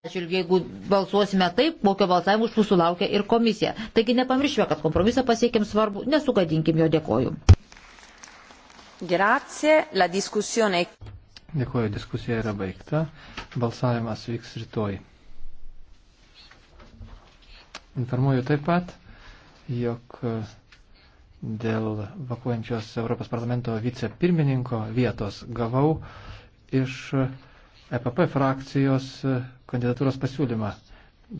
Atžvilgiu, jeigu balsuosime taip, kokio balsavimo už mūsų laukia ir komisija. Taigi nepamirškime, kad kompromisą pasiekėm svarbu, nesugadinkim jo, dėkoju. Grazie, la diskusione. Dėkoju, diskusija yra baigta. Balsavimas vyks rytoj. Informuoju taip pat, jog dėl vakuojančios Europos parlamento vicepirmininko vietos gavau iš EPP frakcijos e, kandidatūros pasiūlymą,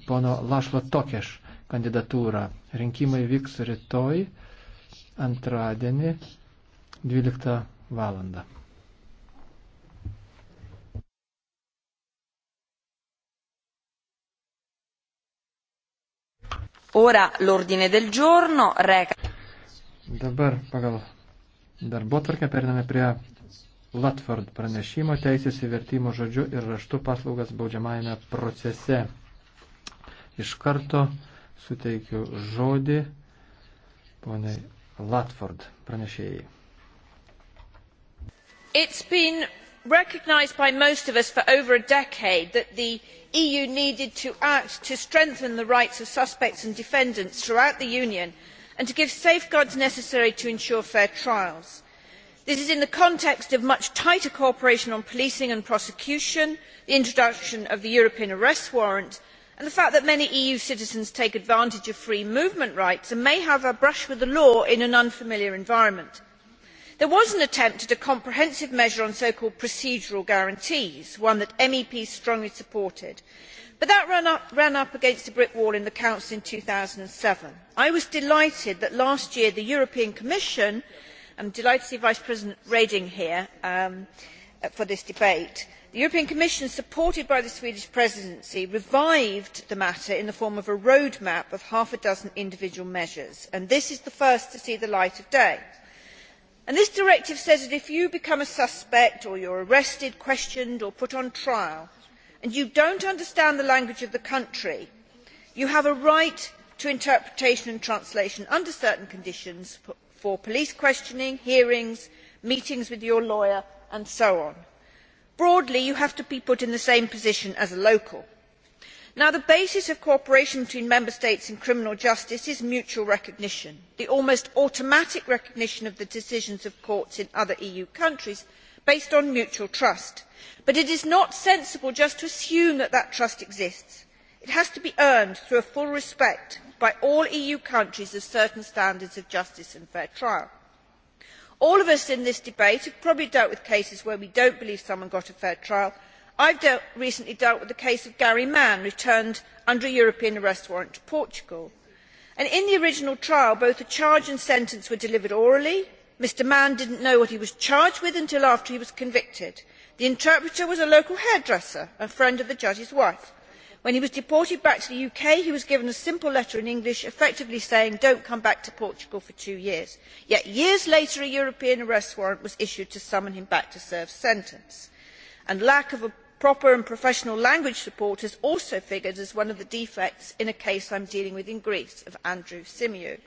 pono Lašlo Tokeš kandidatūrą. Rinkimai vyks rytoj, antradienį, 12 valandą. Ora l'ordine del giorno reca. Dabar pagal darbo tvarkę periname prie Latford pranešimo teisės įvertimo žodžiu ir raštu paslaugas baudžiamajame procese. Iš karto suteikiu žodį poniai Latford pranešėjai. It's been recognised by most of us for over a decade that the eu needed to act to strengthen the rights of suspects and defendants throughout the union and to give safeguards necessary to ensure fair trials this is in the context of much tighter cooperation on policing and prosecution the introduction of the european arrest warrant and the fact that many eu citizens take advantage of free movement rights and may have a brush with the law in an unfamiliar environment. there was an attempt at a comprehensive measure on so called procedural guarantees one that meps strongly supported but that ran up against a brick wall in the council in. two thousand and seven i was delighted that last year the european commission i am delighted to see vice president reding here um, uh, for this debate. the european commission supported by the swedish presidency revived the matter in the form of a roadmap of half a dozen individual measures and this is the first to see the light of day. And this directive says that if you become a suspect or you are arrested questioned or put on trial and you do not understand the language of the country you have a right to interpretation and translation under certain conditions put for police questioning hearings meetings with your lawyer and so on. broadly you have to be put in the same position as a local. the basis of cooperation between member states in criminal justice is mutual recognition the almost automatic recognition of the decisions of courts in other eu countries based on mutual trust but it is not sensible just to assume that that trust exists it has to be earned through full respect by all eu countries of certain standards of justice and fair trial. all of us in this debate have probably dealt with cases where we do not believe someone got a fair trial. i have recently dealt with the case of gary mann returned under a european arrest warrant to portugal. in the original trial both the charge and sentence were delivered orally. mr mann did not know what he was charged with until after he was convicted. the interpreter was a local hairdresser and a friend of the judge's wife when he was deported back to the uk he was given a simple letter in english effectively saying do not come back to portugal for two years' yet years later a european arrest warrant was issued to summon him back to serve sentence. lack of proper and professional language support has also figured as one of the defects in a case i am dealing with in greece of andrew symeou.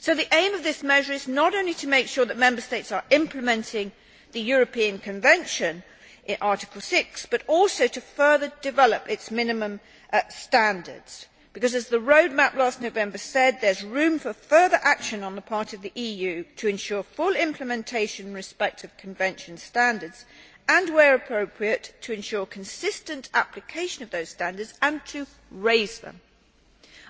so the aim of this measure is not only to make sure that member states are implementing the european convention in article six but also to further develop its minimum Uh, standards because as the roadmap last november said there is room for further action on the part of the eu to ensure full implementation in respect of convention standards and where appropriate to ensure consistent application of those standards and to raise them.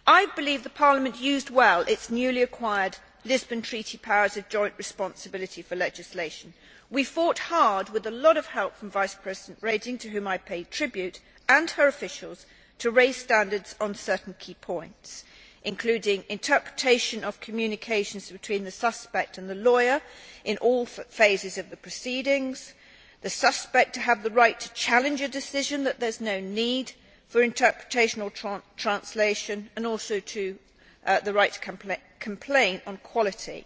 i believe parliament used well its newly acquired lisbon treaty powers of joint responsibility for legislation. we fought hard with a lot of help from vice president reding to whom i pay tribute and her officials to raise standards on certain key points including interpretation of communications between the suspect and the lawyer in all phases of the proceedings the suspect to have the right to challenge a decision that there is no need for interpretation or tra translation and also to uh, the right to compla complain on quality.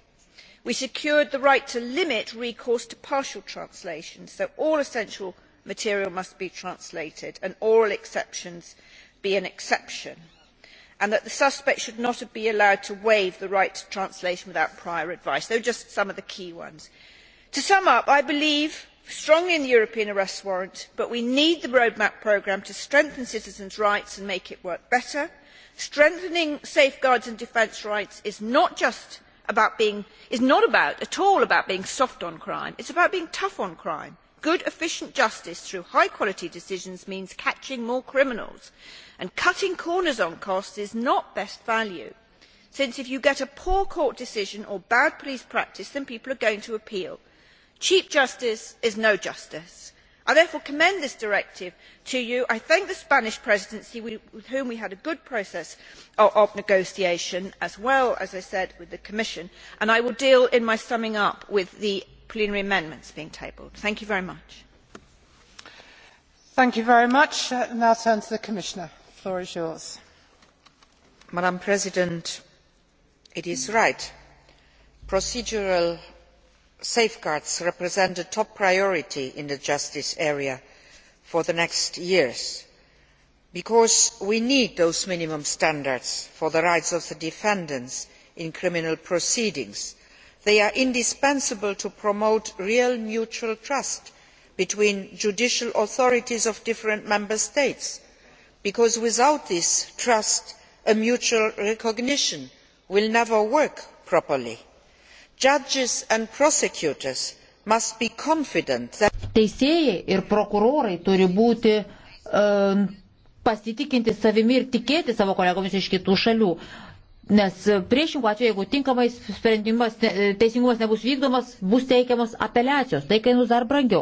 We secured the right to limit recourse to partial translation, so all essential material must be translated and oral exceptions uh, be an exception and that the suspect should not be allowed to waive the right to translation without prior advice. those are just some of the key ones. to sum up i believe strongly in the european arrest warrant but we need the roadmap programme to strengthen citizens' rights and make it work better. strengthening safeguards and defence rights is not just about being is not about at all about being soft on crime it is about being tough on crime good efficient justice through high quality decisions means catching more criminals and cutting corners on costs is not best value since if you get a poor court decision or bad police practice then people are going to appeal. cheap justice is no justice. i therefore commend this directive to you. i thank the spanish presidency with whom we had a good process of negotiation as well as i said with the commission and i will deal in my summing up with plenary amendments being tabled. thank you very much. thank you very much. Uh, now turn to the commissioner. the floor is yours. madam president it is right procedural safeguards represent a top priority in the justice area for the next years because we need those minimum standards for the rights of the defendants in criminal proceedings they are indispensable to promote real mutual trust between judicial authorities of different member states because without this trust and mutual recognition will never work properly. judges and prosecutors must be confident that. teisėjai ir prokurorai turi būti uh, pasitikinti savimi ir tikėti savo kolegomis iš kitų šalių. Nes priešingų atveju, jeigu tinkamai sprendimas, teisingumas nebus vykdomas, bus teikiamas apeliacijos, tai kainuos dar brangiau.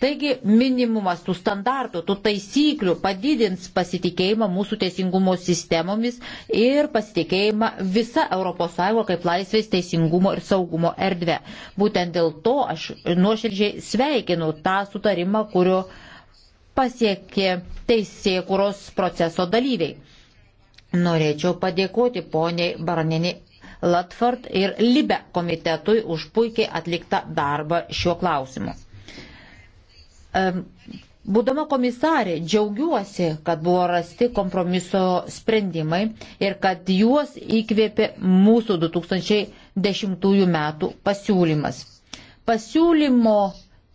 Taigi minimumas tų standartų, tų taisyklių padidins pasitikėjimą mūsų teisingumo sistemomis ir pasitikėjimą visa ES kaip laisvės teisingumo ir saugumo erdvė. Būtent dėl to aš nuoširdžiai sveikinu tą sutarimą, kurio pasiekė teisėkuros proceso dalyviai. Norėčiau padėkoti poniai Baroniniai Latford ir Libe komitetui už puikiai atliktą darbą šiuo klausimu. Būdama komisarė, džiaugiuosi, kad buvo rasti kompromiso sprendimai ir kad juos įkvėpė mūsų 2010 metų pasiūlymas. Pasiūlymo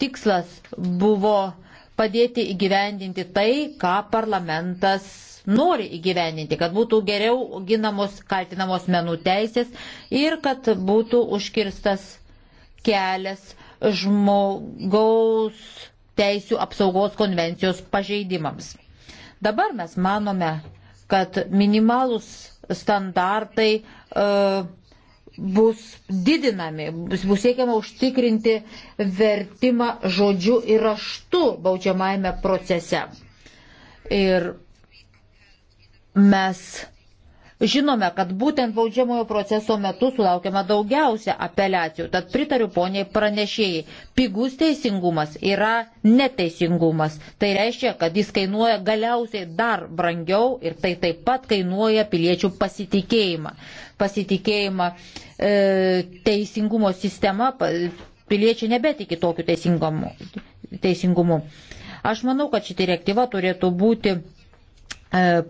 tikslas buvo padėti įgyvendinti tai, ką parlamentas nori įgyveninti, kad būtų geriau ginamos kaltinamos menų teisės ir kad būtų užkirstas kelias žmogaus teisų apsaugos konvencijos pažeidimams. Dabar mes manome, kad minimalus standartai uh, bus didinami, bus siekiama užtikrinti vertimą žodžiu ir raštu baudžiamajame procese. Ir Mes žinome, kad būtent baudžiamojo proceso metu sulaukiama daugiausia apeliacijų, tad pritariu poniai pranešėjai, pigus teisingumas yra neteisingumas. Tai reiškia, kad jis kainuoja galiausiai dar brangiau ir tai taip pat kainuoja piliečių pasitikėjimą. Pasitikėjimą e, teisingumo sistema, piliečiai nebetiki tokiu teisingumu. teisingumu. Aš manau, kad ši direktyva turėtų būti e,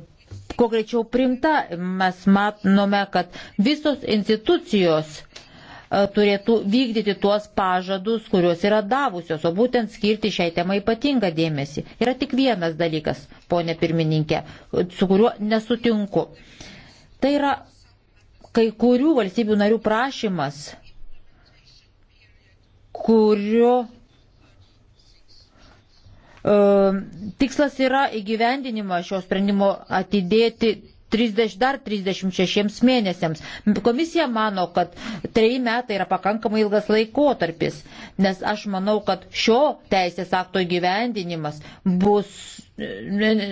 kuo greičiau primta. Mes matome, kad visos institucijos e, turėtų vykdyti tuos pažadus, kuriuos yra davusios, o būtent skirti šiai temai ypatingą dėmesį. Yra tik vienas dalykas, ponė pirmininkė, su kuriuo nesutinku. Tai yra kai kurių valstybių narių prašymas, kurio E, tikslas yra įgyvendinimą šio sprendimo atidėti 30, dar 36 mėnesiams. Komisija mano, kad 3 metai yra pakankamai ilgas laikotarpis, nes aš manau, kad šio teisės akto įgyvendinimas bus, e, ne, ne,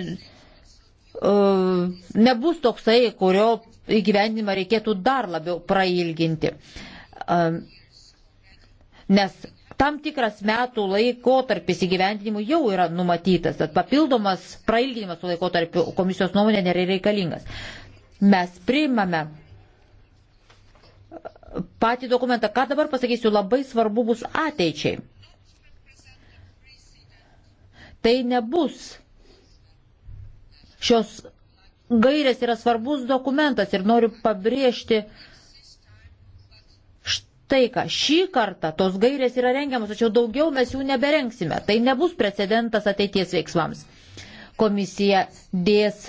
nebus toksai, kurio įgyvendinimą reikėtų dar labiau prailginti. E, nes tam tikras metų laikotarpis įgyvendinimų jau yra numatytas, tad papildomas prailginimas to laikotarpio komisijos nuomonė nėra reikalingas. Mes priimame patį dokumentą, ką dabar pasakysiu, labai svarbu bus ateičiai. Tai nebus. Šios gairės yra svarbus dokumentas ir noriu pabrėžti, uh, taiką. Šį kartą tos gairės yra rengiamas, tačiau daugiau mes jų neberengsime. Tai nebus precedentas ateities veiksmams. Komisija dės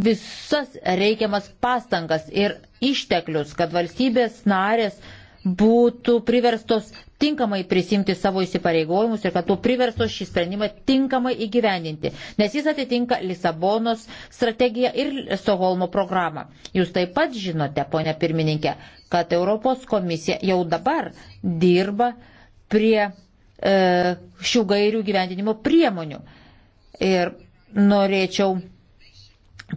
visas reikiamas pastangas ir išteklius, kad valstybės narės būtų priverstos tinkamai prisimti savo įsipareigojimus ir kad būtų priverstos šį sprendimą tinkamai įgyvendinti, nes jis atitinka Lisabonos strategiją ir Stoholmo programą. Jūs taip pat žinote, ponia pirmininkė, kad Europos komisija jau dabar dirba prie e, šių gairių gyvendinimo priemonių. Ir norėčiau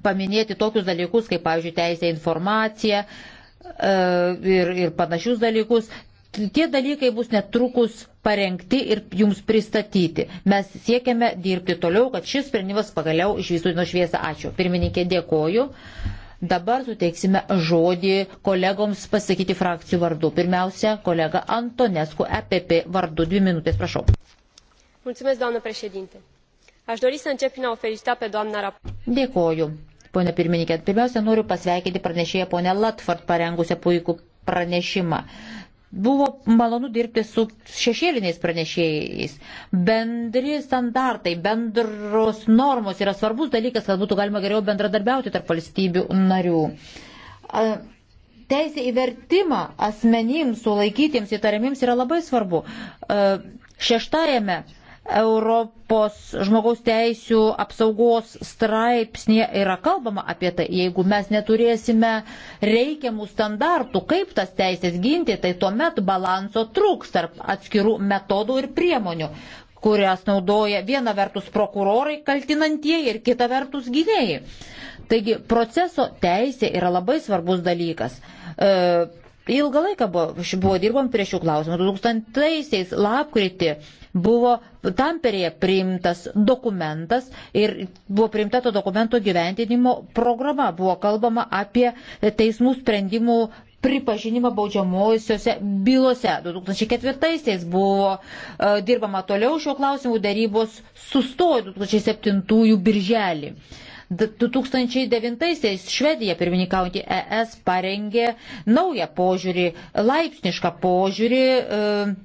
paminėti tokius dalykus, kaip, pavyzdžiui, teisė informacija e, ir, ir panašius dalykus. Tie dalykai bus netrukus parengti ir jums pristatyti. Mes siekiame dirbti toliau, kad šis sprendimas pagaliau išvystų nuo šviesą. Ačiū. Pirmininkė, dėkoju. Dabar suteiksime žodį kolegoms pasakyti frakcijų vardu. Pirmiausia, kolega Antonescu, EPP vardu. Dvi minutės, prašau. Mulțumesc, doamnă președinte. Aș dori să încep prin a o felicita pe doamna raportor. Dėkoju, ponė pirmininkė. Pirmiausia, noriu pasveikinti pranešėją ponę Latford parengusią puikų pranešimą. Buvo malonu dirbti su šešėliniais pranešėjais. Bendri standartai, bendros normos yra svarbus dalykas, kad būtų galima geriau bendradarbiauti tarp valstybių narių. Teisė į vertimą asmenims sulaikytiems įtariamims yra labai svarbu. Šeštajame Europos žmogaus teisų apsaugos straipsnėje yra kalbama apie tai, jeigu mes neturėsime reikiamų standartų, kaip tas teisės ginti, tai tuomet balanso trūks tarp atskirų metodų ir priemonių, kurias naudoja viena vertus prokurorai kaltinantieji ir kita vertus gynėjai. Taigi proceso teisė yra labai svarbus dalykas. E, Ilgą laiką buvo, buvo dirbom prie šių klausimų. 2000-aisiais lapkritį buvo Tamperėje priimtas dokumentas ir buvo priimta to dokumento gyventinimo programa. Buvo kalbama apie teismų sprendimų pripažinimą baudžiamosiose bylose. 2004-aisiais buvo e, dirbama toliau šiuo klausimu, darybos sustojo 2007-ųjų birželį. 2009-aisiais Švedija pirmininkaujantį ES parengė naują požiūrį, laipsnišką požiūrį. E,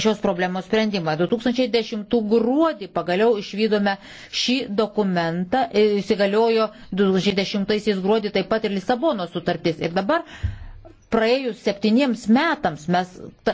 šios problemos sprendimą. 2010 gruodį pagaliau išvykome šį dokumentą, e, įsigaliojo 2010 gruodį taip pat ir Lisabono sutartis. Ir dabar praėjus septyniems metams mes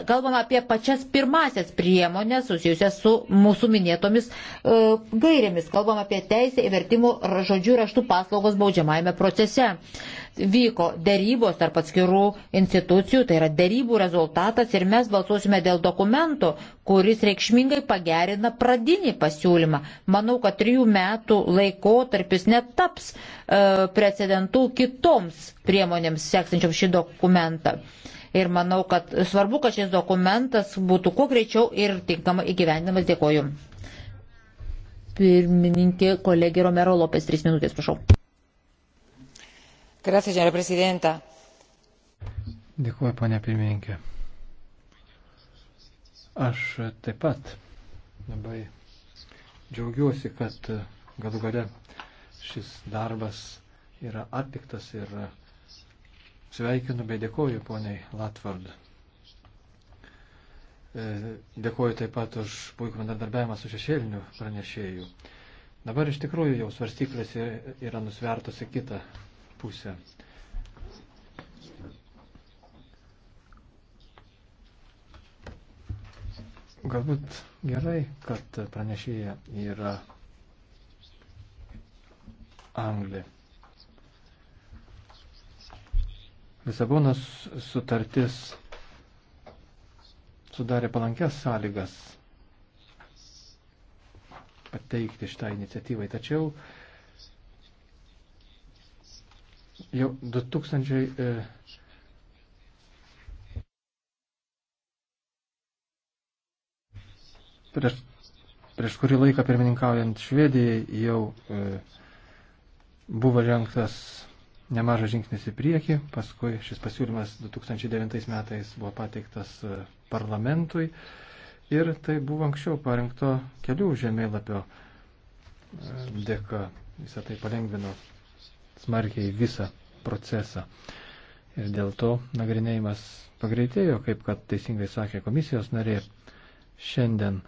kalbam apie pačias pirmasias priemonės susijusias su mūsų minėtomis e, gairėmis. Kalbam apie teisę įvertimų žodžių raštų paslaugos baudžiamajame procese. E, vyko dėrybos tarp atskirų institucijų, tai yra dėrybų rezultatas ir mes balsuosime dėl dokumento, kuris reikšmingai pagerina pradinį pasiūlymą. Manau, kad trijų metų laikotarpis netaps e, precedentų kitoms priemonėms seksančiam šį dokumentą. Ir manau, kad svarbu, kad šis dokumentas būtų kuo greičiau ir tinkamai įgyvendinamas. Dėkoju. Pirmininkė kolegė Romero Lopes, trys minutės, prašau señora presidenta. Dėkuoju, ponia pirmininkė. Aš taip pat labai džiaugiuosi, kad galų gale šis darbas yra atliktas ir sveikinu bei dėkoju poniai Latvard. E, dėkoju taip pat už puikų bendradarbiavimą su šešėliniu pranešėju. Dabar iš tikrųjų jau svarstyklės yra nusvertusi kitą pusę. Galbūt gerai, kad pranešėja yra Anglija. Lisabonos sutartis sudarė palankės sąlygas pateikti šitą iniciatyvą, tačiau jau 2000. E, prieš, prieš kurį laiką pirmininkaujant Švedijai jau e, buvo žengtas nemažas žingsnis į priekį, paskui šis pasiūlymas 2009 metais buvo pateiktas e, parlamentui ir tai buvo anksčiau parinkto kelių žemėlapio e, dėka. Visą tai palengvino smarkiai visą procesą. Ir dėl to nagrinėjimas pagreitėjo, kaip kad teisingai sakė komisijos narė šiandien.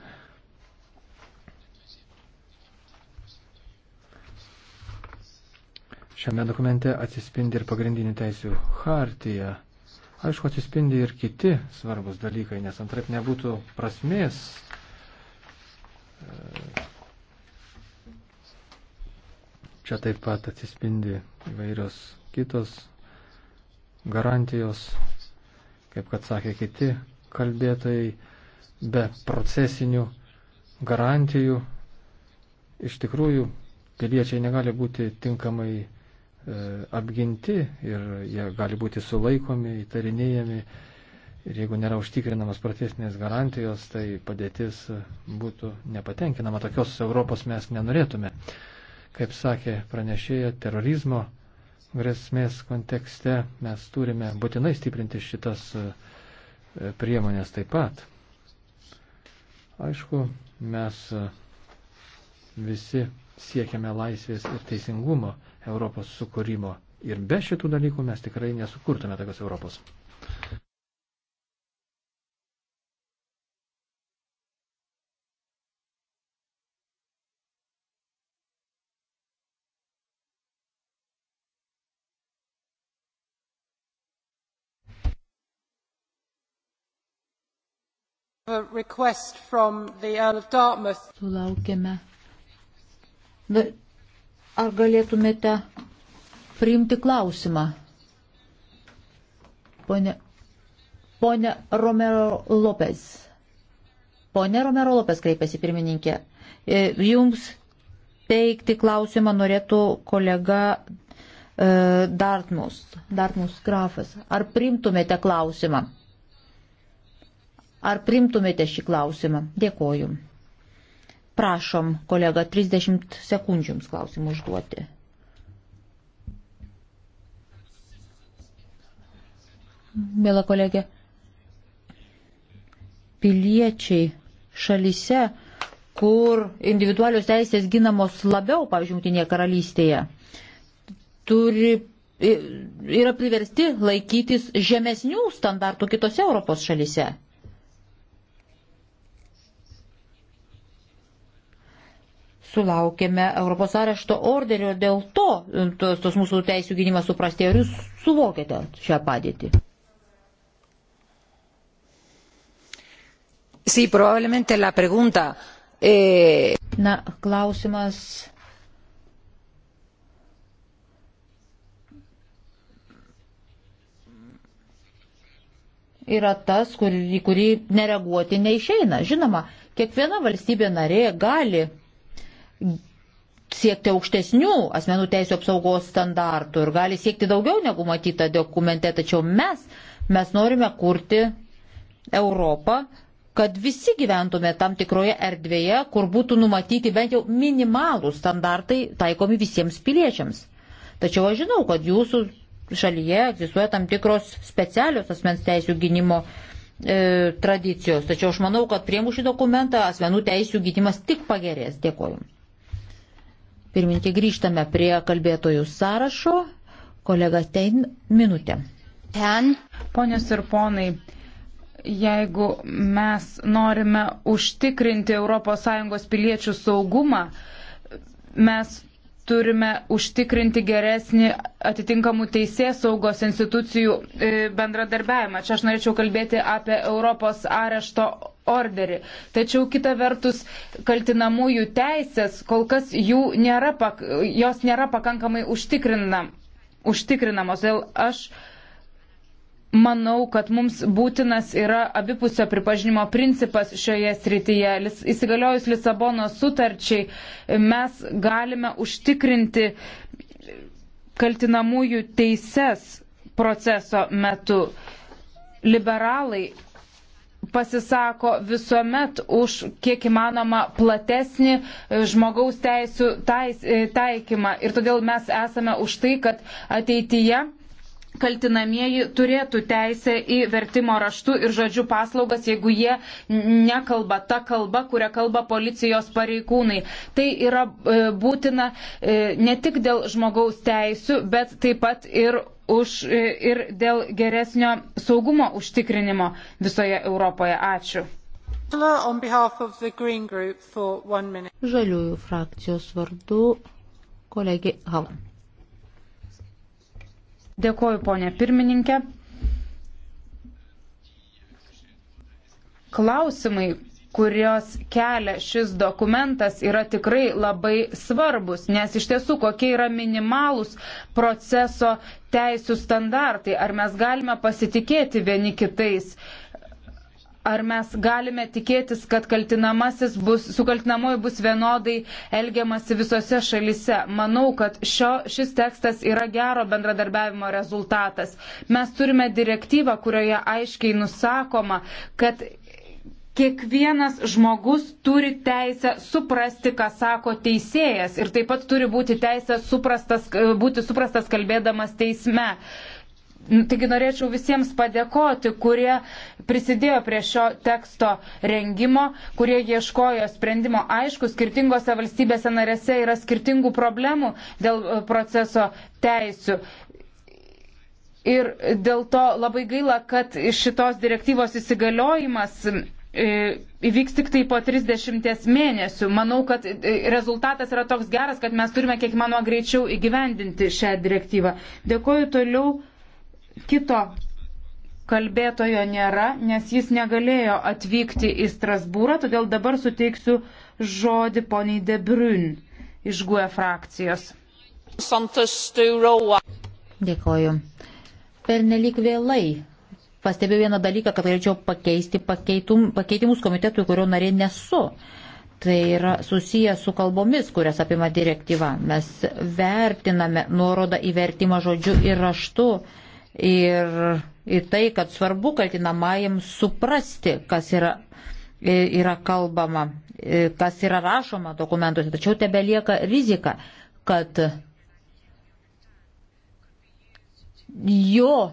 Šiame dokumente atsispindi ir pagrindinių teisių hartija. Aišku, atsispindi ir kiti svarbus dalykai, nes antraip nebūtų prasmės Čia taip pat atsispindi įvairios kitos garantijos, kaip kad sakė kiti kalbėtojai, be procesinių garantijų iš tikrųjų piliečiai negali būti tinkamai e, apginti ir jie gali būti sulaikomi, įtarinėjami. Ir jeigu nėra užtikrinamas procesinės garantijos, tai padėtis būtų nepatenkinama. Tokios Europos mes nenorėtume. E, Kaip sakė pranešėja, terorizmo grėsmės kontekste mes turime būtinai stiprinti šitas e, priemonės taip pat. Aišku, mes e, visi siekiame laisvės ir teisingumo Europos sukūrimo. Ir be šitų dalykų mes tikrai nesukurtume tokios Europos. Sulaukėme. Ar galėtumėte priimti klausimą? Pone, pone Romero Lopez. Pone Romero Lopes kreipėsi pirmininkė. E, jums teikti klausimą norėtų kolega e, Dartmus, Dartmus Grafas. Ar primtumėte klausimą? Ar primtumėte šį klausimą? Dėkoju. Prašom, kolega, 30 sekundžių jums klausimų užduoti. Mėla kolegė, piliečiai šalise, kur individualios teisės ginamos labiau, pavyzdžiui, Junktinėje karalystėje, turi, yra priversti laikytis žemesnių standartų kitose Europos šalise. sulaukėme Europos arešto orderio ir dėl to tos, tos mūsų teisų gynimas suprastėjo. Ar jūs suvokėte šią padėtį? Sí, probablemente la pregunta. Eh... Na, klausimas. Yra tas, kur, į kurį nereaguoti neišeina. Žinoma, kiekviena valstybė narė gali siekti aukštesnių asmenų teisų apsaugos standartų ir gali siekti daugiau negu matyta dokumente, tačiau mes, mes norime kurti Europą, kad visi gyventume tam tikroje erdvėje, kur būtų numatyti bent jau minimalų standartai taikomi visiems piliečiams. Tačiau aš žinau, kad jūsų šalyje egzistuoja tam tikros specialios asmens teisų gynimo e, tradicijos. Tačiau aš manau, kad priemu šį dokumentą asmenų teisų gynimas tik pagerės. Dėkoju. Pirmininkė, grįžtame prie kalbėtojų sąrašo. Kolega Tein, minutė. Ten. Ponios ir ponai, jeigu mes norime užtikrinti ES piliečių saugumą, mes turime užtikrinti geresnį atitinkamų teisės saugos institucijų e, bendradarbiavimą. Čia aš norėčiau kalbėti apie Europos arešto orderį. Tačiau kita vertus, kaltinamųjų teisės kol kas jų nėra, jos nėra pakankamai užtikrinamos. Todėl aš uh, manau, kad mums būtinas yra abipusio pripažinimo principas šioje srityje. Įsigaliojus Lisabono sutarčiai mes galime užtikrinti kaltinamųjų teises proceso metu. Liberalai pasisako visuomet už kiek įmanoma platesnį e, žmogaus teisų e, taikymą. Ir todėl mes esame už tai, kad ateityje kaltinamieji turėtų teisę į vertimo raštu ir žodžiu paslaugas, jeigu jie nekalba tą kalbą, kurią kalba policijos pareigūnai. Tai yra e, būtina e, ne tik dėl žmogaus teisų, bet taip pat ir, už, e, ir dėl geresnio saugumo užtikrinimo visoje Europoje. Ačiū. Žaliųjų frakcijos vardu kolegė Halan. Dėkoju, ponė pirmininkė. Klausimai, kurios kelia šis dokumentas, yra tikrai labai svarbus, nes iš tiesų kokie yra minimalūs proceso teisų standartai, ar mes galime pasitikėti vieni kitais ar mes galime tikėtis, kad kaltinamasis bus, su kaltinamuoju bus vienodai elgiamasi visose šalise. Manau, kad šio, šis tekstas yra gero bendradarbiavimo rezultatas. Mes turime direktyvą, kurioje aiškiai nusakoma, kad kiekvienas žmogus turi teisę suprasti, ką sako teisėjas ir taip pat turi būti teisė suprastas, būti suprastas kalbėdamas teisme. Uh, Taigi norėčiau visiems padėkoti, kurie prisidėjo prie šio teksto rengimo, kurie ieškojo sprendimo. Aišku, skirtingose valstybėse narėse yra skirtingų problemų dėl e, proceso teisių. Ir dėl to labai gaila, kad šitos direktyvos įsigaliojimas e, įvyks tik tai po 30 mėnesių. Manau, kad e, rezultatas yra toks geras, kad mes turime kiek mano greičiau įgyvendinti šią direktyvą. Dėkoju toliau. Kito kalbėtojo nėra, nes jis negalėjo atvykti į Strasbūrą, todėl dabar suteiksiu žodį poniai Debrun iš GUE frakcijos. Dėkoju. Per nelik vėlai. Pastebėjau vieną dalyką, kad galėčiau pakeisti pakeitum, pakeitimus komitetui, kurio narė nesu. Tai yra susijęs su kalbomis, kurias apima direktyva. Mes vertiname nuorodą į vertimą žodžiu ir raštu ir į tai, kad svarbu kaltinamajam suprasti, kas yra, e, yra kalbama, e, kas yra rašoma dokumentuose, tačiau tebe lieka rizika, kad jo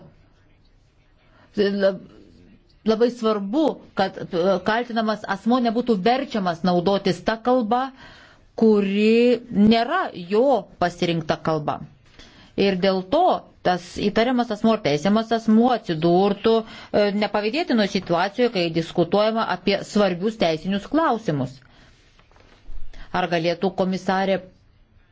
e, labai svarbu, kad kaltinamas asmo nebūtų verčiamas naudotis tą kalbą, kuri nėra jo pasirinkta kalba ir dėl to tas įtariamas asmuo ar teisiamas asmuo atsidurtų e, nepavydėtino situacijoje, kai diskutuojama apie svarbius teisinius klausimus. Ar galėtų komisarė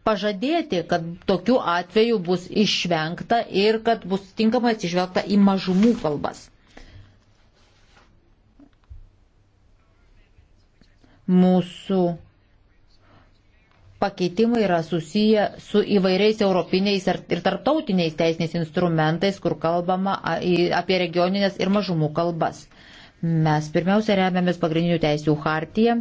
pažadėti, kad tokiu atveju bus išvengta ir kad bus tinkamai atsižvelgta į mažumų kalbas? Mūsų pakeitimai yra susiję su įvairiais europiniais ir tarptautiniais teisiniais instrumentais, kur kalbama apie regioninės ir mažumų kalbas. Mes pirmiausia remiamės pagrindinių teisų hartiją,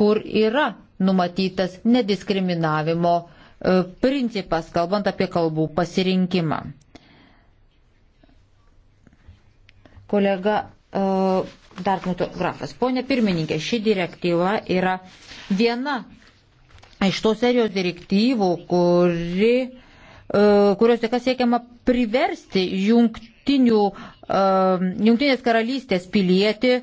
kur yra numatytas nediskriminavimo e, principas, kalbant apie kalbų pasirinkimą. Kolega e, Dartmuto grafas. Pone pirmininkė, ši direktyva yra viena iš tos serijos direktyvų, kuri, e, kurios tik siekiama priversti jungti Junktinės ehm, karalystės pilietį e,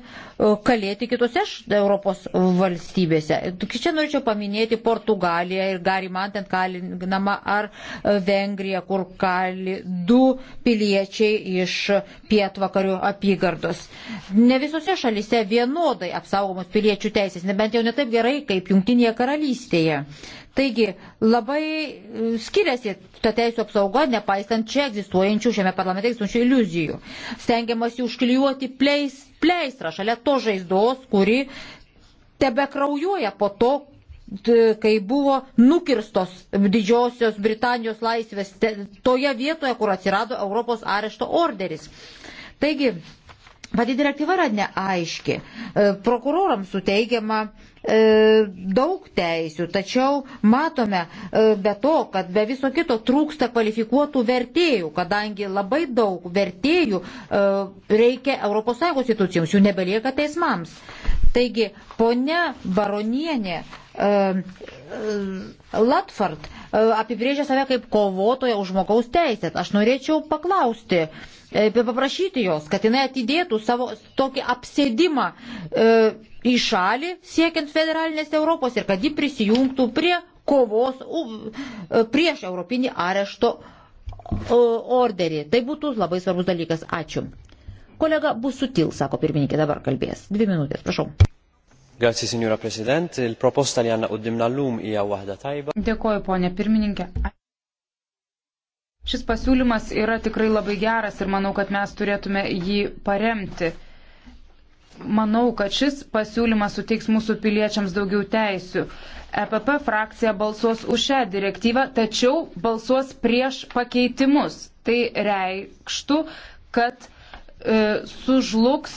kalėti kitose Europos valstybėse. Čia norėčiau paminėti Portugaliją ir Garimantent kalinamą ar e, Vengriją, kur kali du piliečiai iš pietvakarių apygardos. Ne visose šalise vienodai apsaugomos piliečių teisės, nebent jau netaip gerai kaip Junktinėje karalystėje. Uh, Taigi labai e, skiriasi ta teisų apsauga, nepaisant čia egzistuojančių šiame parlamente egzistuojančių iliuzijų. Stengiamasi užklijuoti pleis, pleistrą šalia to žaizdos, kuri tebe kraujuoja po to, kai buvo nukirstos Didžiosios Britanijos laisvės toje vietoje, kur atsirado Europos arešto orderis. Taigi, pati direktyva yra neaiški. E, prokurorams suteigiama uh, E, daug teisių, tačiau matome e, be to, kad be viso kito trūksta kvalifikuotų vertėjų, kadangi labai daug vertėjų e, reikia ES institucijoms, jų nebelieka teismams. Taigi, ponia Baronienė Latford apibrėžia save kaip kovotoja už žmogaus teisės. Aš norėčiau paklausti, E, paprašyti jos, kad jinai atidėtų savo tokį apsėdimą e, į šalį siekiant federalinės Europos ir kad ji prisijungtų prie kovos u, e, prieš Europinį arešto orderį. Tai būtų labai svarbus dalykas. Ačiū. Kolega bus sutil, sako pirmininkė, dabar kalbės. Dvi minutės, prašau. Grazie, signora Presidente. Il proposta li għanna qoddimna l-lum hija waħda tajba. Dėkoju, ponė pirmininkė. Šis pasiūlymas yra tikrai labai geras ir manau, kad mes turėtume jį paremti. Manau, kad šis pasiūlymas suteiks mūsų piliečiams daugiau teisių. EPP frakcija balsuos už šią direktyvą, tačiau balsuos prieš pakeitimus. Tai reikštų, kad e, sužlugs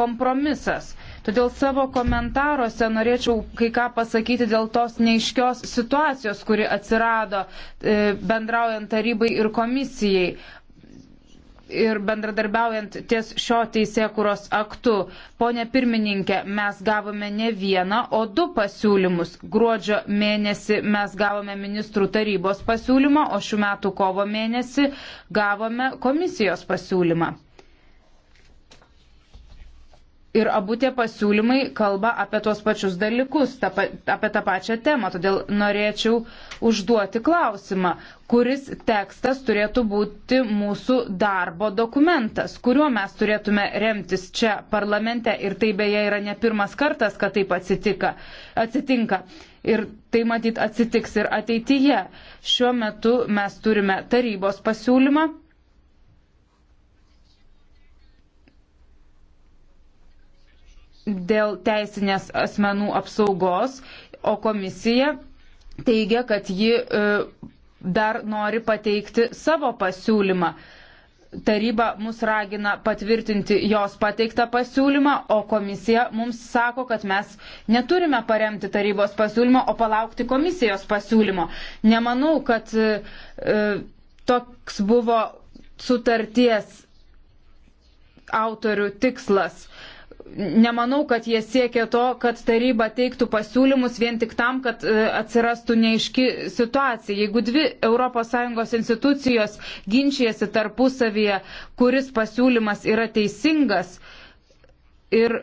kompromisas. Todėl savo komentaruose norėčiau kai ką pasakyti dėl tos neiškios situacijos, kuri atsirado e, bendraujant tarybai ir komisijai ir bendradarbiaujant ties šio teisėkuros aktu. Pone pirmininkė, mes gavome ne vieną, o du pasiūlymus. Gruodžio mėnesį mes gavome ministrų tarybos pasiūlymą, o šių metų kovo mėnesį gavome komisijos pasiūlymą. Ir abu tie pasiūlymai kalba apie tuos pačius dalykus, ta, apie tą pačią temą. Todėl norėčiau užduoti klausimą, kuris tekstas turėtų būti mūsų darbo dokumentas, kuriuo mes turėtume remtis čia parlamente. Ir tai beje yra ne pirmas kartas, kad taip atsitika, atsitinka. Ir tai matyt atsitiks ir ateityje. Šiuo metu mes turime tarybos pasiūlymą dėl teisinės asmenų apsaugos, o komisija teigia, kad ji e, dar nori pateikti savo pasiūlymą. Taryba mus ragina patvirtinti jos pateiktą pasiūlymą, o komisija mums sako, kad mes neturime paremti tarybos pasiūlymo, o palaukti komisijos pasiūlymo. Nemanau, kad e, e toks buvo sutarties autorių tikslas nemanau, kad jie siekia to, kad taryba teiktų pasiūlymus vien tik tam, kad e, atsirastų neiški situacija. Jeigu dvi ES institucijos ginčijasi tarpusavyje, kuris pasiūlymas yra teisingas ir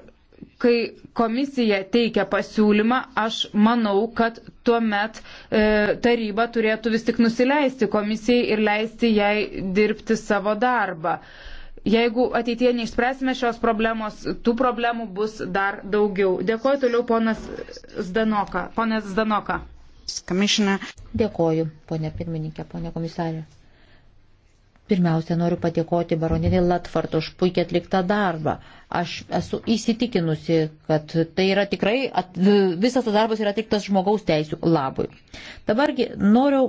kai komisija teikia pasiūlymą, aš manau, kad tuomet e, taryba turėtų vis tik nusileisti komisijai ir leisti jai dirbti savo darbą. E, Jeigu ateitie neišspręsime šios problemos, tų problemų bus dar daugiau. Dėkoju toliau ponas Zdanoka. Ponas Zdanoka. Dėkoju, ponė pirmininkė, ponė komisarė. Pirmiausia, noriu padėkoti baroninį Latvartą už puikiai atliktą darbą. Aš esu įsitikinusi, kad tai yra tikrai, at, visas tas darbas yra atliktas žmogaus teisų labui. Dabargi noriu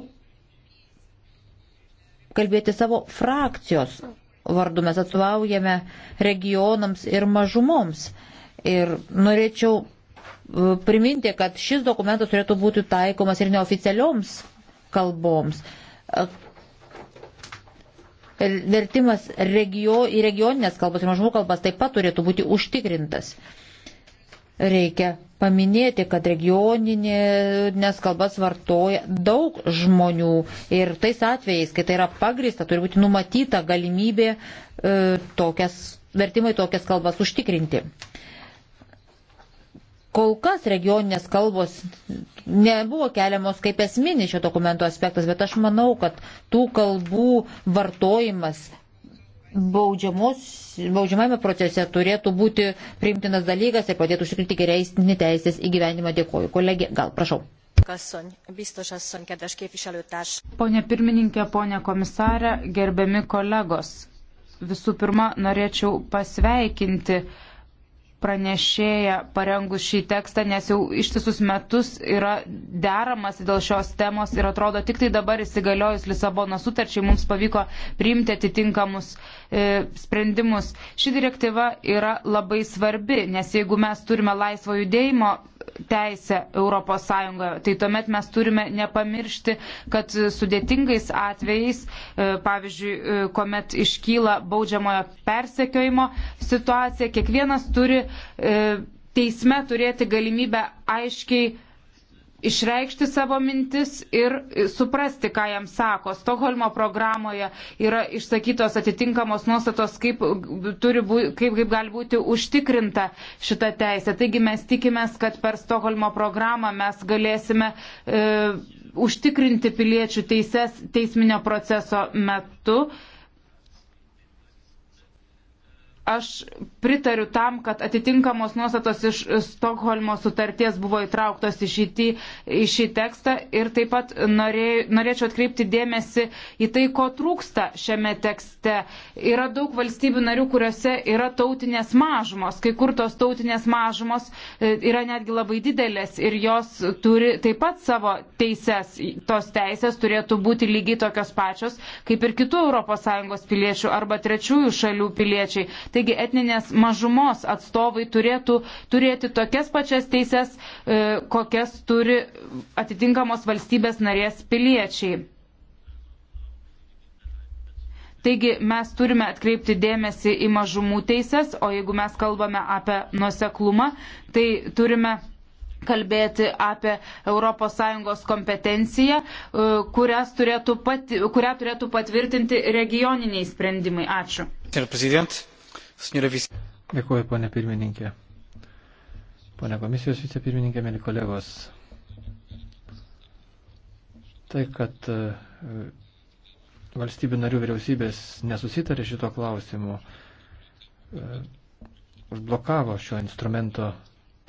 kalbėti savo frakcijos vardu mes atstovaujame regionams ir mažumoms. Ir norėčiau e, priminti, kad šis dokumentas turėtų būti taikomas ir neoficialioms kalboms. E, vertimas regio, į regioninės kalbas ir mažumų kalbas taip pat turėtų būti užtikrintas. Reikia paminėti, kad regioninės kalbas vartoja daug žmonių ir tais atvejais, kai tai yra pagrįsta, turi būti numatyta galimybė e, tokias, vertimai tokias kalbas užtikrinti. Kol kas regioninės kalbos nebuvo keliamos kaip esminis šio dokumento aspektas, bet aš manau, kad tų kalbų vartojimas baudžiamame procese turėtų būti priimtinas dalykas ir padėtų užtikrinti geresnį teisės įgyvenimą. Dėkoju. Kolegė, gal prašau. Pone pirmininkė, pone komisarė, gerbiami kolegos. Visų pirma, norėčiau pasveikinti uh, pranešėja parengus šį tekstą, nes jau ištisus metus yra deramas dėl šios temos ir atrodo tik tai dabar įsigaliojus Lisabono sutarčiai mums pavyko priimti atitinkamus e, sprendimus. Ši direktyva yra labai svarbi, nes jeigu mes turime laisvo judėjimo teisę ES. Tai tuomet mes turime nepamiršti, kad sudėtingais atvejais, e, pavyzdžiui, e, kuomet iškyla baudžiamojo persekiojimo situacija, kiekvienas turi e, teisme turėti galimybę aiškiai išreikšti savo mintis ir suprasti, ką jam sako. Stokholmo programoje yra išsakytos atitinkamos nuostatos, kaip, turi, būti, kaip, kaip gali būti užtikrinta šita teisė. Taigi mes tikimės, kad per Stokholmo programą mes galėsime e, užtikrinti piliečių teises teisminio proceso metu. E, aš pritariu tam, kad atitinkamos nuostatos iš Stokholmo sutarties buvo įtrauktos į šį, į šį tekstą ir taip pat norė, norėčiau atkreipti dėmesį į tai, ko trūksta šiame tekste. Yra daug valstybių narių, kuriuose yra tautinės mažumos, kai kur tos tautinės mažumos e, yra netgi labai didelės ir jos turi taip pat savo teises. Tos teises turėtų būti lygiai tokios pačios kaip ir kitų ES piliečių arba trečiųjų šalių piliečiai. Taigi etninės mažumos atstovai turėtų turėti tokias pačias teises, e, kokias turi atitinkamos valstybės narės piliečiai. Taigi mes turime atkreipti dėmesį į mažumų teises, o jeigu mes kalbame apie nuoseklumą, tai turime kalbėti apie ES kompetenciją, e, turėtų pati, kurią turėtų patvirtinti regioniniai sprendimai. Ačiū. Dėkuoju, ponė pirmininkė. Pone komisijos vicepirmininkė, mėly kolegos. Tai, kad e, valstybių narių vyriausybės nesusitarė šito klausimu, e, užblokavo šio instrumento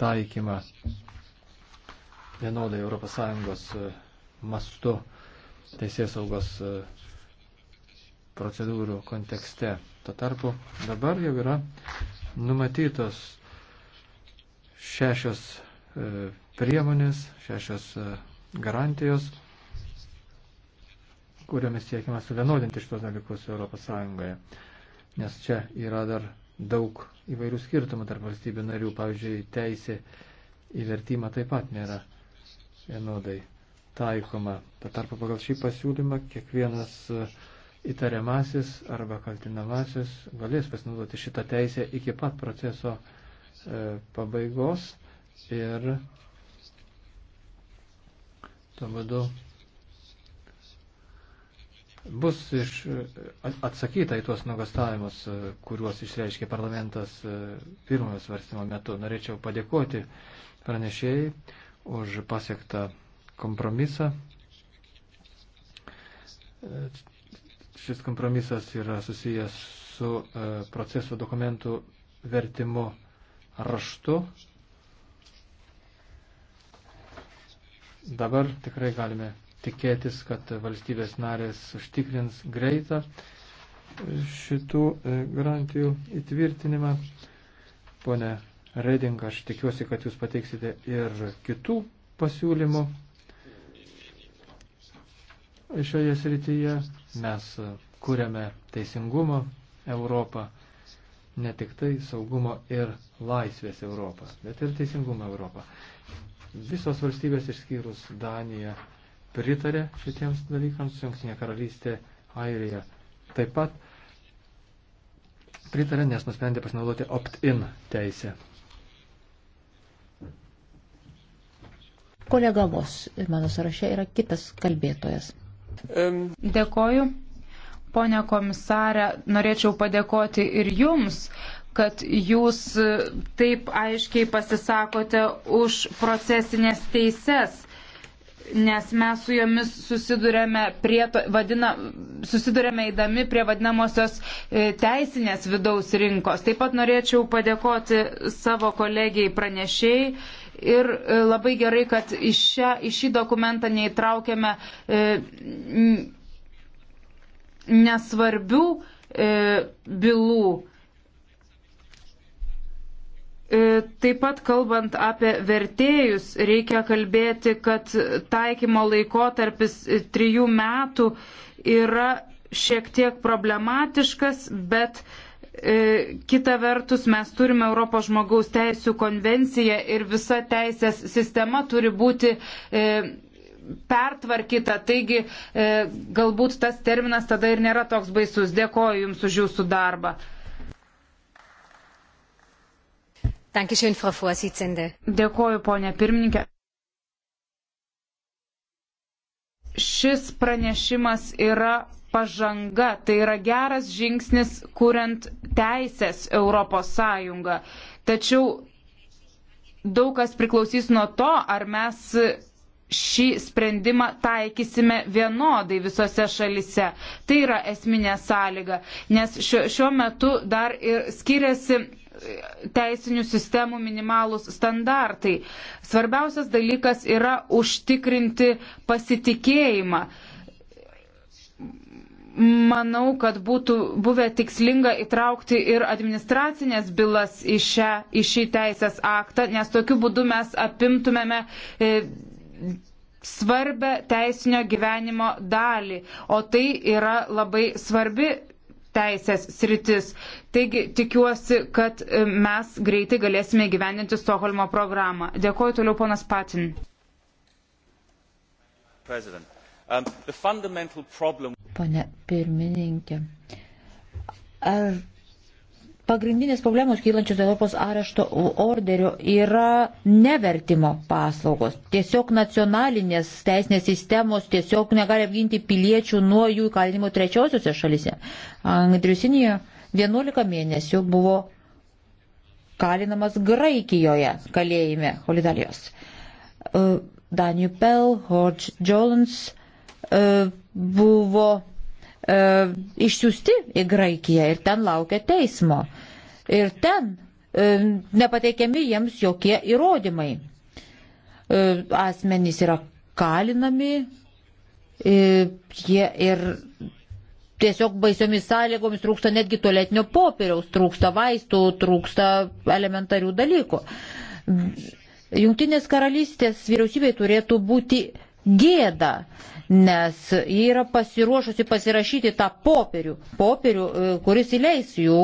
taikymą vienodai ES e, mastu teisės saugos procedūrų kontekste. Tuo tarpu dabar jau yra numatytos šešios e, priemonės, šešios e, garantijos, kuriomis siekiama suvienodinti šitos dalykus Europos Sąjungoje. Nes čia yra dar daug įvairių skirtumų tarp valstybių narių. Pavyzdžiui, teisė į vertimą taip pat nėra vienodai taikoma. Tuo tarpu pagal šį pasiūlymą kiekvienas uh, įtariamasis arba kaltinamasis galės pasinaudoti šitą teisę iki pat proceso e, pabaigos ir tuo būdu bus iš, atsakyta į tuos nuogastavimus, e, kuriuos išreiškė parlamentas e, pirmojo svarstymo metu. Norėčiau padėkoti pranešėjai už pasiektą kompromisą e, Šis kompromisas yra susijęs su e, proceso dokumentų vertimu raštu. Dabar tikrai galime tikėtis, kad valstybės narės užtikrins greitą šitų e, garantijų įtvirtinimą. Pone Reding, aš tikiuosi, kad jūs pateiksite ir kitų pasiūlymų šioje srityje. Mes kuriame teisingumo Europą, ne tik tai saugumo ir laisvės Europą, bet ir teisingumo Europą. Visos valstybės išskyrus Daniją pritarė šitiems dalykams, Junktinė karalystė, Airija taip pat pritarė, nes nusprendė pasinaudoti opt-in teisę. Kolega Vos, mano sąraše yra kitas kalbėtojas. Dėkoju. Pone komisarė, norėčiau padėkoti ir jums, kad jūs e, taip aiškiai pasisakote už procesinės teises nes mes su jomis susidurėme, prie to, vadina, susidurėme įdami prie vadinamosios e, teisinės vidaus rinkos. Taip pat norėčiau padėkoti savo kolegijai pranešėjai ir e, labai gerai, kad į, šią, į šį dokumentą neįtraukėme e, nesvarbių e, bylų. E, taip pat kalbant apie vertėjus, reikia kalbėti, kad taikymo laikotarpis e, trijų metų yra šiek tiek problematiškas, bet e, E, kita vertus, mes turime Europos žmogaus teisų konvenciją ir visa teisės sistema turi būti e, pertvarkyta, taigi e, galbūt tas terminas tada ir nėra toks baisus. Dėkoju Jums už Jūsų darbą. Dankeschön, Frau Vorsitzende. Dėkoju, ponė pirmininkė. Šis pranešimas yra pažanga, tai yra geras žingsnis, kuriant teisės Europos Sąjungą. Tačiau daug kas priklausys nuo to, ar mes šį sprendimą taikysime vienodai visose šalise. Tai yra esminė sąlyga, nes šiuo, šiuo metu dar ir skiriasi e, teisinių sistemų minimalūs standartai. Svarbiausias dalykas yra užtikrinti pasitikėjimą manau, kad būtų buvę tikslinga įtraukti ir administracinės bylas į, šią, į šį teisės aktą, nes tokiu būdu mes apimtumėme. E, svarbę teisinio gyvenimo dalį, o tai yra labai svarbi teisės sritis. Taigi tikiuosi, kad e, mes greitai galėsime gyveninti Stokholmo programą. Dėkuoju toliau ponas Patin. President. Um, problem... Pane pirmininkė, ar pagrindinės problemos kylančios Europos arešto orderio yra nevertimo paslaugos. Tiesiog nacionalinės teisinės sistemos tiesiog negali apginti piliečių nuo jų įkalinimo trečiosiuose šalise. Andriusinėje 11 mėnesių buvo kalinamas Graikijoje kalėjime Holidalijos. Uh, Daniel Pell, Hodge Jolens E, buvo e, išsiųsti į Graikiją ir ten laukia teismo. Ir ten e, nepateikiami jiems jokie įrodymai. Asmenys yra kalinami, jie ir tiesiog baisiomis sąlygomis trūksta netgi tualetinio popieriaus, trūksta vaistų, trūksta elementarių dalykų. Jungtinės karalystės vyriausybei turėtų būti gėda nes jie yra pasiruošusi pasirašyti tą popierių, popierių, e, kuris įleis jų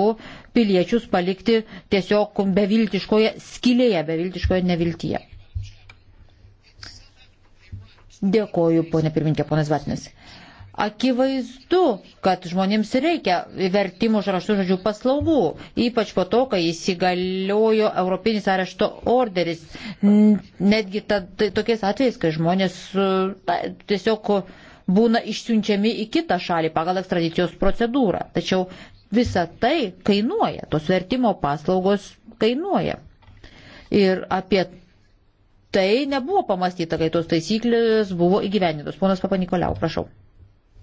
piliečius palikti tiesiog beviltiškoje skilėje, beviltiškoje neviltyje. Dėkoju, ponė pirminkė, ponas Vatinas. Akivaizdu, kad žmonėms reikia vertimų užrašų žodžių paslaugų, ypač po to, kai įsigaliojo Europinis arešto orderis. Netgi tad, tai tokiais atvejais, kai žmonės e, ta, tiesiog būna išsiunčiami į kitą šalį pagal ekstradicijos procedūrą. Tačiau visa tai kainuoja, tos vertimo paslaugos kainuoja. Ir apie tai nebuvo pamastyta, kai tos taisyklės buvo įgyvendintos. Ponas Papanikoliau, prašau.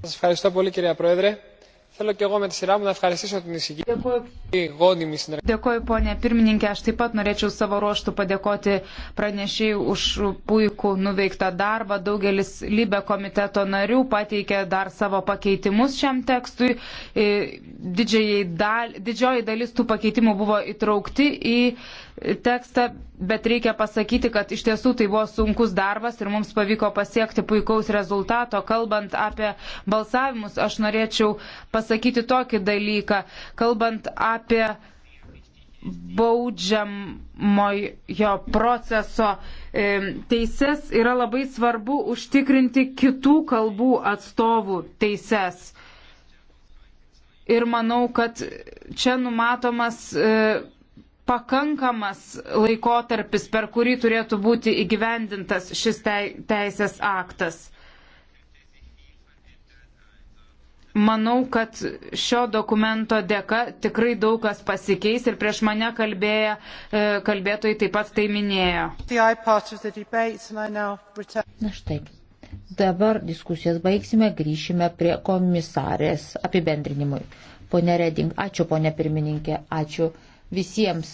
Dėkuoju, ponė pirmininkė, aš taip pat norėčiau savo ruoštų padėkoti pranešėjai už puikų nuveiktą darbą. Daugelis Libe komiteto narių pateikė dar savo pakeitimus šiam tekstui. E, didžioji, dal, didžioji dalis tų pakeitimų buvo įtraukti į tekstą, bet reikia pasakyti, kad iš tiesų tai buvo sunkus darbas ir mums pavyko pasiekti puikaus rezultato. Kalbant apie balsavimus, aš norėčiau pasakyti tokį dalyką. Kalbant apie baudžiamojo proceso e, teises, yra labai svarbu užtikrinti kitų kalbų atstovų teises. Ir manau, kad čia numatomas e, pakankamas laikotarpis, per kurį turėtų būti įgyvendintas šis teisės aktas. Manau, kad šio dokumento dėka tikrai daug kas pasikeis ir prieš mane kalbėję, e, kalbėtojai taip pat tai minėjo. Na štai, dabar diskusijas baigsime, grįšime prie komisarės apibendrinimui. Pone Reding, ačiū, pone pirmininkė, ačiū visiems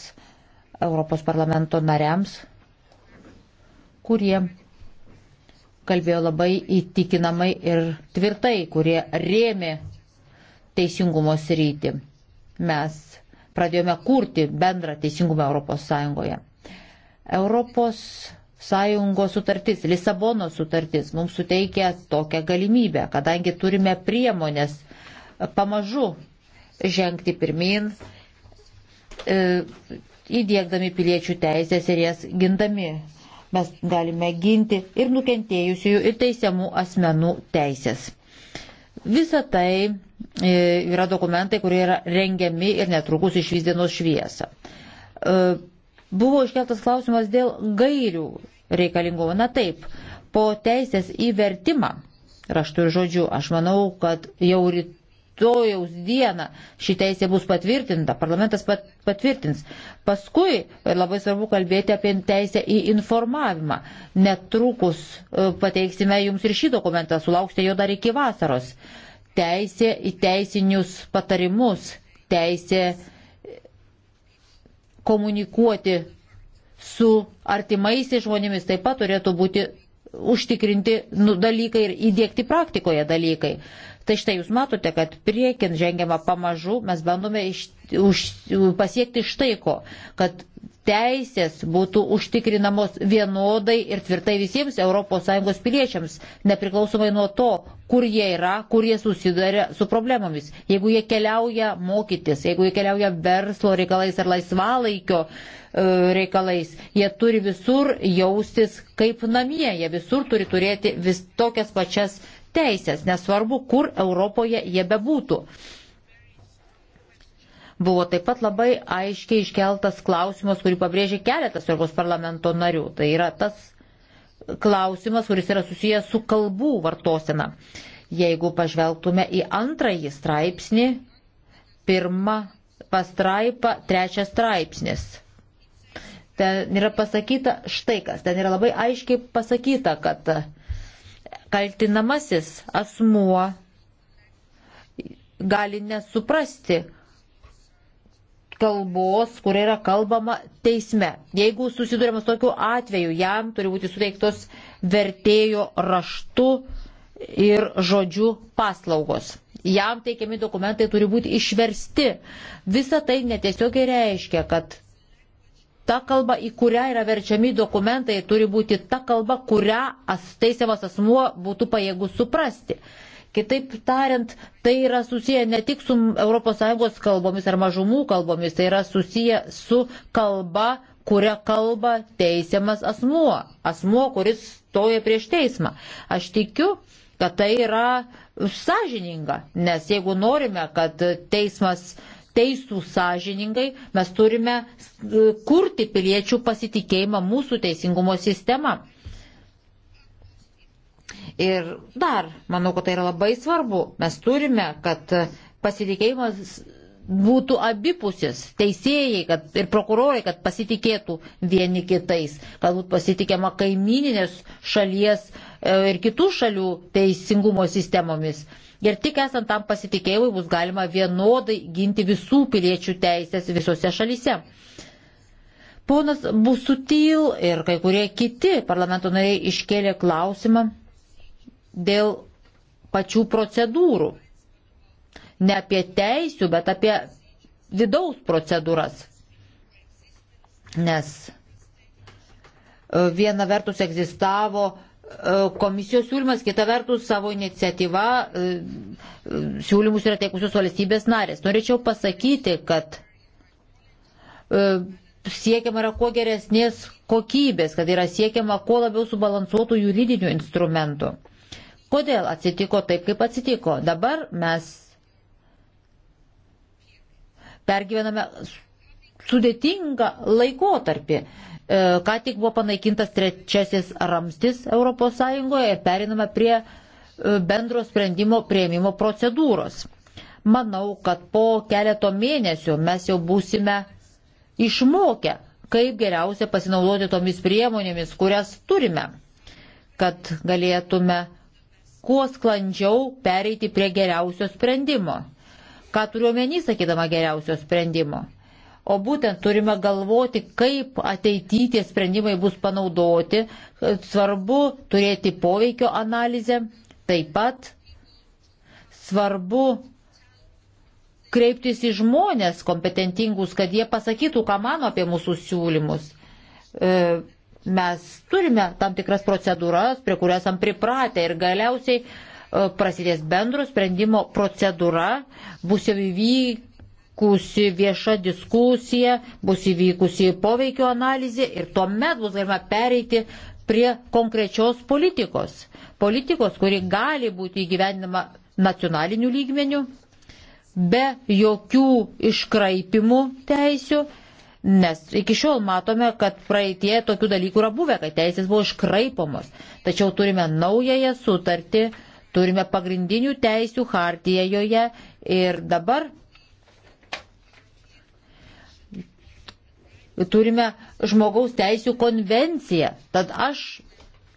Europos parlamento nariams, kurie kalbėjo labai įtikinamai ir tvirtai, kurie rėmė teisingumo srytį. Mes pradėjome kurti bendrą teisingumą Europos Sąjungoje. Europos Sąjungos sutartis, Lisabono sutartis mums suteikia tokią galimybę, kadangi turime priemonės pamažu žengti pirmin E, įdėkdami piliečių teisės ir jas gindami. Mes galime ginti ir nukentėjusiųjų, ir teisiamų asmenų teisės. Visa tai e, yra dokumentai, kurie yra rengiami ir netrukus išvys dienos šviesą. E, buvo iškeltas klausimas dėl gairių reikalingumo. Na taip, po teisės įvertimą raštų ir žodžių, aš manau, kad jau ryt rytojaus dieną ši teisė bus patvirtinta, parlamentas pat, patvirtins. Paskui labai svarbu kalbėti apie teisę į informavimą. Netrukus e, pateiksime jums ir šį dokumentą, sulauksite jo dar iki vasaros. Teisė į teisinius patarimus, teisė e, komunikuoti su artimaisiais žmonėmis taip pat turėtų būti užtikrinti nu, dalykai ir įdėkti praktikoje dalykai. Tai štai jūs matote, kad priekin žengiama pamažu, mes bandome iš, už, pasiekti štai ko, kad teisės būtų užtikrinamos vienodai ir tvirtai visiems ES piliečiams, nepriklausomai nuo to, kur jie yra, kur jie susiduria su problemomis. Jeigu jie keliauja mokytis, jeigu jie keliauja verslo reikalais ar laisvalaikio e, reikalais, jie turi visur jaustis kaip namie, jie visur turi turėti vis tokias pačias teisės, nesvarbu, kur Europoje jie bebūtų. Buvo taip pat labai aiškiai iškeltas klausimas, kurį pabrėžė keletas Europos parlamento narių. Tai yra tas klausimas, kuris yra susijęs su kalbų vartosena. Jeigu pažvelgtume į antrąjį straipsnį, pirmą pastraipą, trečias straipsnis. Ten yra pasakyta štai kas, ten yra labai aiškiai pasakyta, kad kaltinamasis asmuo gali nesuprasti kalbos, kur yra kalbama teisme. Jeigu susidurėmas tokiu atveju, jam turi būti suteiktos vertėjo raštu ir žodžiu paslaugos. Jam teikiami dokumentai turi būti išversti. Visa tai netiesiogiai reiškia, kad ta kalba, į kurią yra verčiami dokumentai, turi būti ta kalba, kurią teisiamas asmuo būtų pajėgus suprasti. Kitaip tariant, tai yra susiję ne tik su ES kalbomis ar mažumų kalbomis, tai yra susiję su kalba, kurią kalba teisiamas asmuo, asmuo, kuris stoja prieš teismą. Aš tikiu, kad tai yra sąžininga, nes jeigu norime, kad teismas uh, teisų sąžiningai, mes turime e, kurti piliečių pasitikėjimą mūsų teisingumo sistema. Ir dar, manau, kad tai yra labai svarbu, mes turime, kad pasitikėjimas būtų abipusis teisėjai kad, ir prokurorai, kad pasitikėtų vieni kitais, kad būtų pasitikėma kaimininės šalies e, ir kitų šalių teisingumo sistemomis. Ir tik esant tam pasitikėjimui bus galima vienodai ginti visų piliečių teisės visose šalyse. Ponas Busutil ir kai kurie kiti parlamento nariai iškėlė klausimą dėl pačių procedūrų. Ne apie teisių, bet apie vidaus procedūras. Nes e, viena vertus egzistavo komisijos siūlymas, kita vertus savo iniciatyva e, e, siūlymus yra teikusios valstybės narės. Norėčiau pasakyti, kad e, siekiama yra kuo geresnės kokybės, kad yra siekiama kuo labiau subalansuotų juridinių instrumentų. Kodėl atsitiko taip, kaip atsitiko? Dabar mes pergyvename sudėtingą laikotarpį. E, ką tik buvo panaikintas trečiasis ramstis ES ir periname prie e, bendro sprendimo prieimimo procedūros. Manau, kad po keleto mėnesių mes jau būsime išmokę, kaip geriausia pasinaudoti tomis priemonėmis, kurias turime, kad galėtume kuo sklandžiau pereiti prie geriausio sprendimo. Ką turiu omeny, sakydama geriausio sprendimo? O būtent turime galvoti, kaip ateityje tie sprendimai bus panaudoti. Svarbu turėti poveikio analizę. Taip pat svarbu kreiptis į žmonės kompetentingus, kad jie pasakytų, ką mano apie mūsų siūlymus. E, mes turime tam tikras procedūras, prie kurias esam pripratę ir galiausiai e, prasidės bendro sprendimo procedūra, bus jau įvyk įvykusi vieša diskusija, bus įvykusi poveikio analizė ir tuomet bus galima pereiti prie konkrečios politikos. Politikos, kuri gali būti įgyvendinama nacionaliniu lygmeniu, be jokių iškraipimų teisių, nes iki šiol matome, kad praeitie tokių dalykų yra buvę, kad teisės buvo iškraipomos. Tačiau turime naująją sutartį, turime pagrindinių teisių hartiją joje ir dabar turime žmogaus teisų konvenciją. Tad aš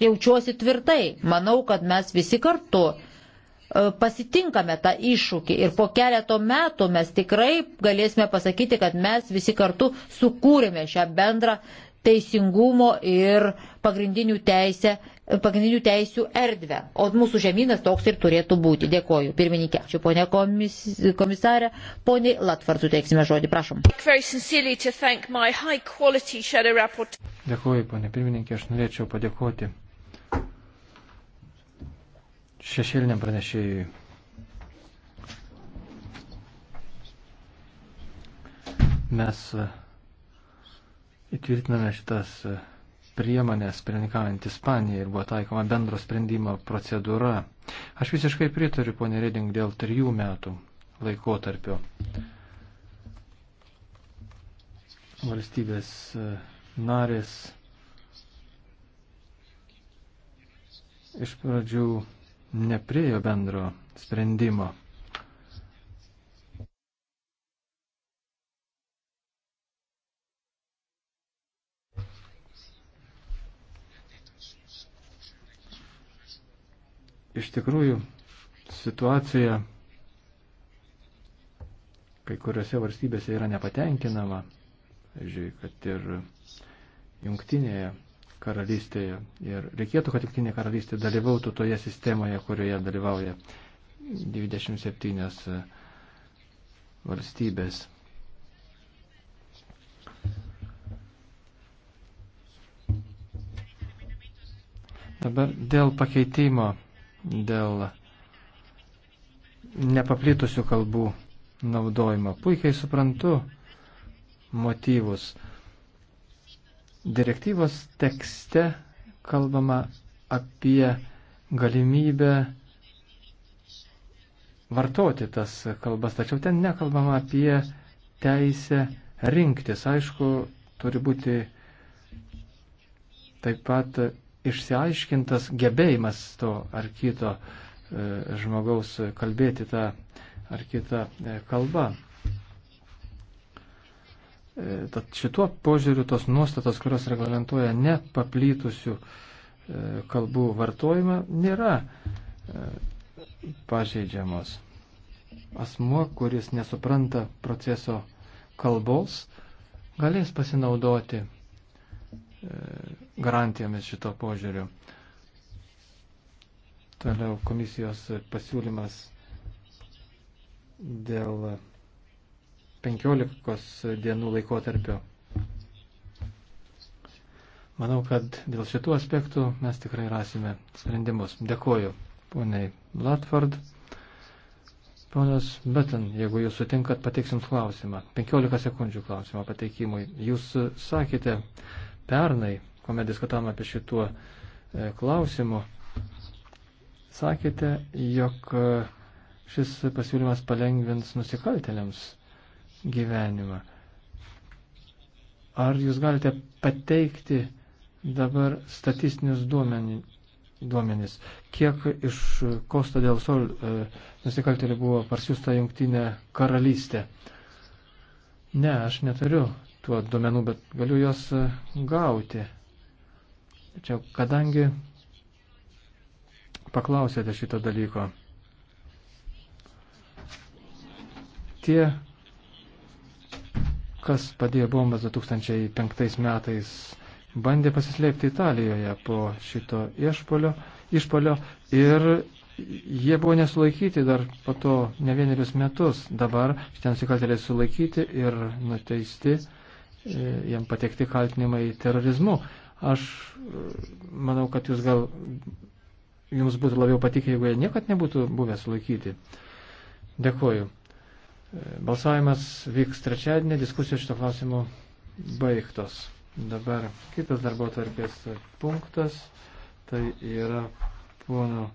jaučiuosi tvirtai. Manau, kad mes visi kartu e, pasitinkame tą iššūkį ir po keleto metų mes tikrai galėsime pasakyti, kad mes visi kartu sukūrėme šią bendrą teisingumo ir pagrindinių teisę pagrindinių teisių erdvę. O mūsų žemynas toks ir turėtų būti. Dėkoju. Pirmininkė, ačiū ponė komis, komisarė. Poniai Latvart suteiksime žodį, prašom. Dėkoju, ponė pirmininkė, aš norėčiau padėkoti šešėliniam pranešėjui. Mes e, įtvirtiname šitas e, priemonės pirmininkaujant Ispanijai ir buvo taikoma bendro sprendimo procedūra. Aš visiškai pritariu, ponė Reding, dėl trijų metų laikotarpio. Valstybės e, narės iš pradžių nepriejo bendro sprendimo. Iš tikrųjų, situacija kai kuriuose valstybėse yra nepatenkinama. Žiūrėk, kad ir jungtinėje karalystėje. Ir reikėtų, kad jungtinė karalystė dalyvautų toje sistemoje, kurioje dalyvauja 27 e, valstybės. Dabar dėl pakeitimo dėl nepaplitusių kalbų naudojimo. Puikiai suprantu motyvus. Direktyvos tekste kalbama apie galimybę vartoti tas kalbas, tačiau ten nekalbama apie teisę rinktis. Aišku, turi būti taip pat išsiaiškintas gebėjimas to ar kito e, žmogaus kalbėti tą ar kitą e, kalbą. E, tad šituo požiūriu tos nuostatos, kurios reglamentuoja nepaplytusių kalbų vartojimą, nėra pažeidžiamos. Asmuo, kuris nesupranta proceso kalbos, galės pasinaudoti E, garantijomis šito požiūriu. Toliau komisijos pasiūlymas dėl 15 dienų laikotarpio. Manau, kad dėl šitų aspektų mes tikrai rasime sprendimus. Dėkoju poniai Latford. Ponas Betin, jeigu jūs sutinkat, pateiks jums klausimą. 15 sekundžių klausimą pateikimui. Jūs sakėte, pernai, kuomet diskutavom apie šituo e, klausimu, sakėte, jog e, šis pasiūlymas palengvins nusikaltėliams gyvenimą. Ar jūs galite pateikti dabar statistinius duomenį, duomenis, kiek iš Kosta dėl Sol e, nusikaltėlių buvo parsiųsta jungtinė karalystė? Ne, aš neturiu tuo duomenų, bet galiu juos e, gauti. Tačiau kadangi paklausėte šito dalyko, tie, kas padėjo bombas 2005 metais, bandė pasislėpti Italijoje po šito išpolio, išpolio ir jie buvo nesulaikyti dar po to ne vienerius metus. Dabar šitie nusikaltėliai sulaikyti ir nuteisti. E, jam patekti kaltinimai terorizmu. Aš e, manau, kad jūs gal, jums būtų labiau patikę, jeigu jie niekad nebūtų buvę sulaikyti. Dėkuoju. E, balsavimas vyks trečiadienį, diskusijos šito klausimu baigtos. Dabar kitas darbo tarpės punktas, tai yra pono.